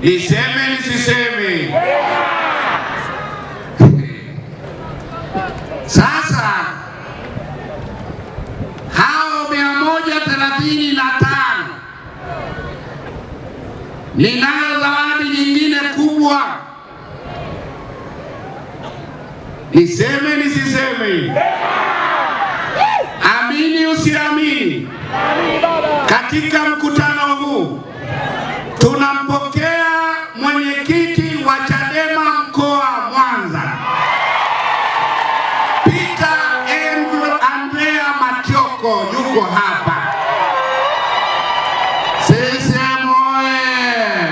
Niseme nisiseme? Sasa hao mia moja thelathini na tano ninayo zawadi nyingine kubwa. Niseme nisiseme? Amini usiamini, katika mkutano huu mwenyekiti wa Chadema mkoa Mwanza, Peter Andrew Andrea Matioko yuko hapa. CCM oye!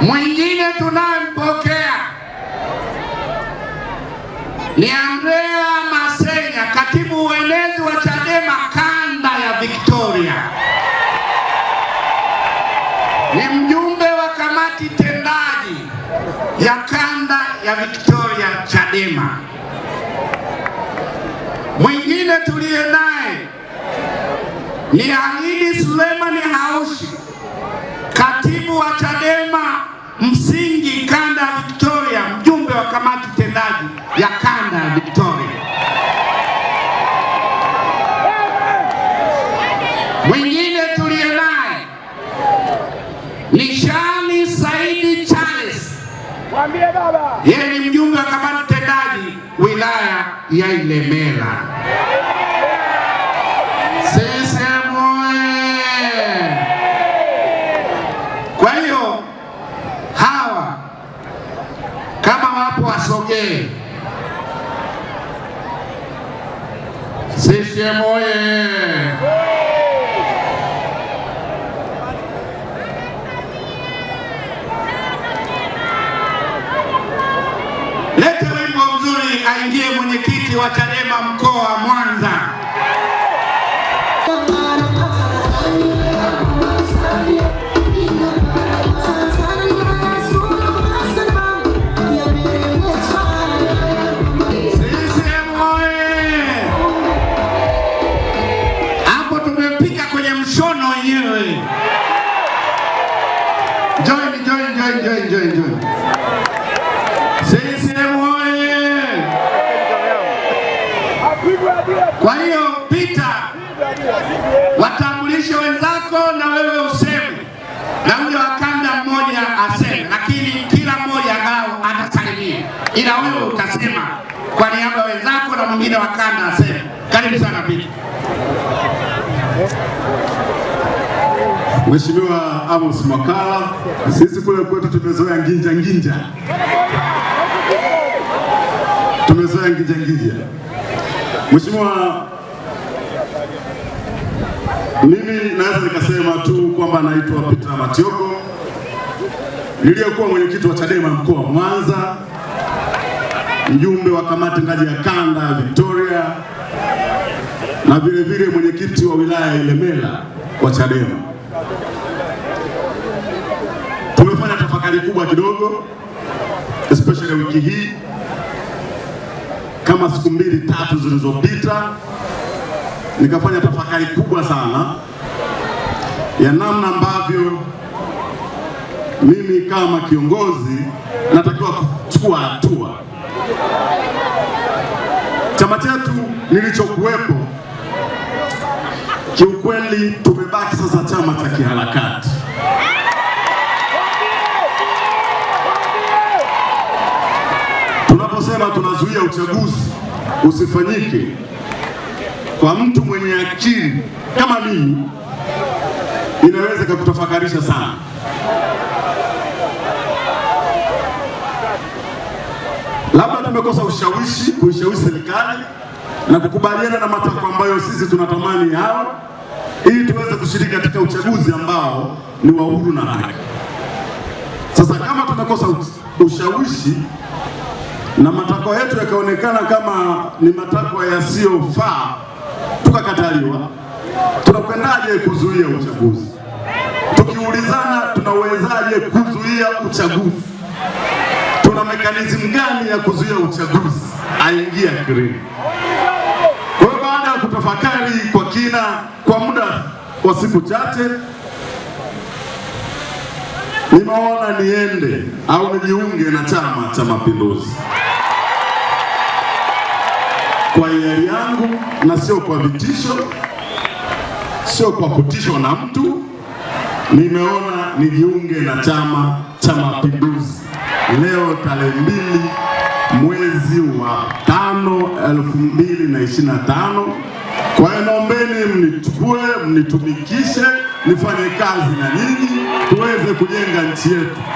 Mwingine tunayempokea ni Andrea ni mjumbe wa kamati tendaji ya kanda ya Victoria Chadema. Mwingine tuliye naye ni ahidi Sulemani Haushi, katibu wa Chadema msingi Shani Saidi Charles, mwambie baba, yeye ni mjumbe wa kamati tendaji wilaya ya Ilemela. CCM oyee! Kwa hiyo hawa kama wapo aingie mwenyekiti wa Chadema mkoa ila wewe utasema kwa niaba wenzako na mwingine wa kanda asema. Karibu sana Pita. Mheshimiwa Amos Makala, sisi kule kwetu tumezoea nginja nginja, tumezoea nginja nginja. Mheshimiwa, mimi naweza nikasema tu kwamba naitwa Peter matioko niliyokuwa mwenyekiti wa Chadema mkoa wa Mwanza mjumbe wa kamati ngazi ya kanda ya Victoria na vile vile mwenyekiti wa wilaya ya Ilemela wa Chadema. Tumefanya tafakari kubwa kidogo, especially wiki hii kama siku mbili tatu zilizopita, nikafanya tafakari kubwa sana ya namna ambavyo mimi kama kiongozi natakiwa kuchukua hatua Chama chetu nilichokuwepo, kiukweli tumebaki sasa chama cha kiharakati. Tunaposema tunazuia uchaguzi usifanyike, kwa mtu mwenye akili kama mimi, inaweza ikakutafakarisha sana. labda tumekosa ushawishi kuishawishi serikali na kukubaliana na matakwa ambayo sisi tunatamani hao, ili tuweze kushiriki katika uchaguzi ambao ni wa uhuru na haki. Sasa kama tumekosa ushawishi na matakwa yetu yakaonekana kama ni matakwa yasiyofaa, tukakataliwa, tunakwendaje kuzuia uchaguzi? Tukiulizana, tunawezaje kuzuia uchaguzi? tuna mekanizmu gani ya kuzuia uchaguzi aingie akilini? Kwa hiyo baada ya kutafakari kwa kina kwa muda wa siku chache, nimeona niende au nijiunge na Chama cha Mapinduzi kwa hiari yangu na sio kwa vitisho, sio kwa kutishwa na mtu. Nimeona nijiunge na Chama cha Mapinduzi leo tarehe mbili mwezi wa tano elfu mbili na ishirini na tano. Kwa hiyo naombeni mnichukue, mnitumikishe, nifanye kazi na nyinyi tuweze kujenga nchi yetu.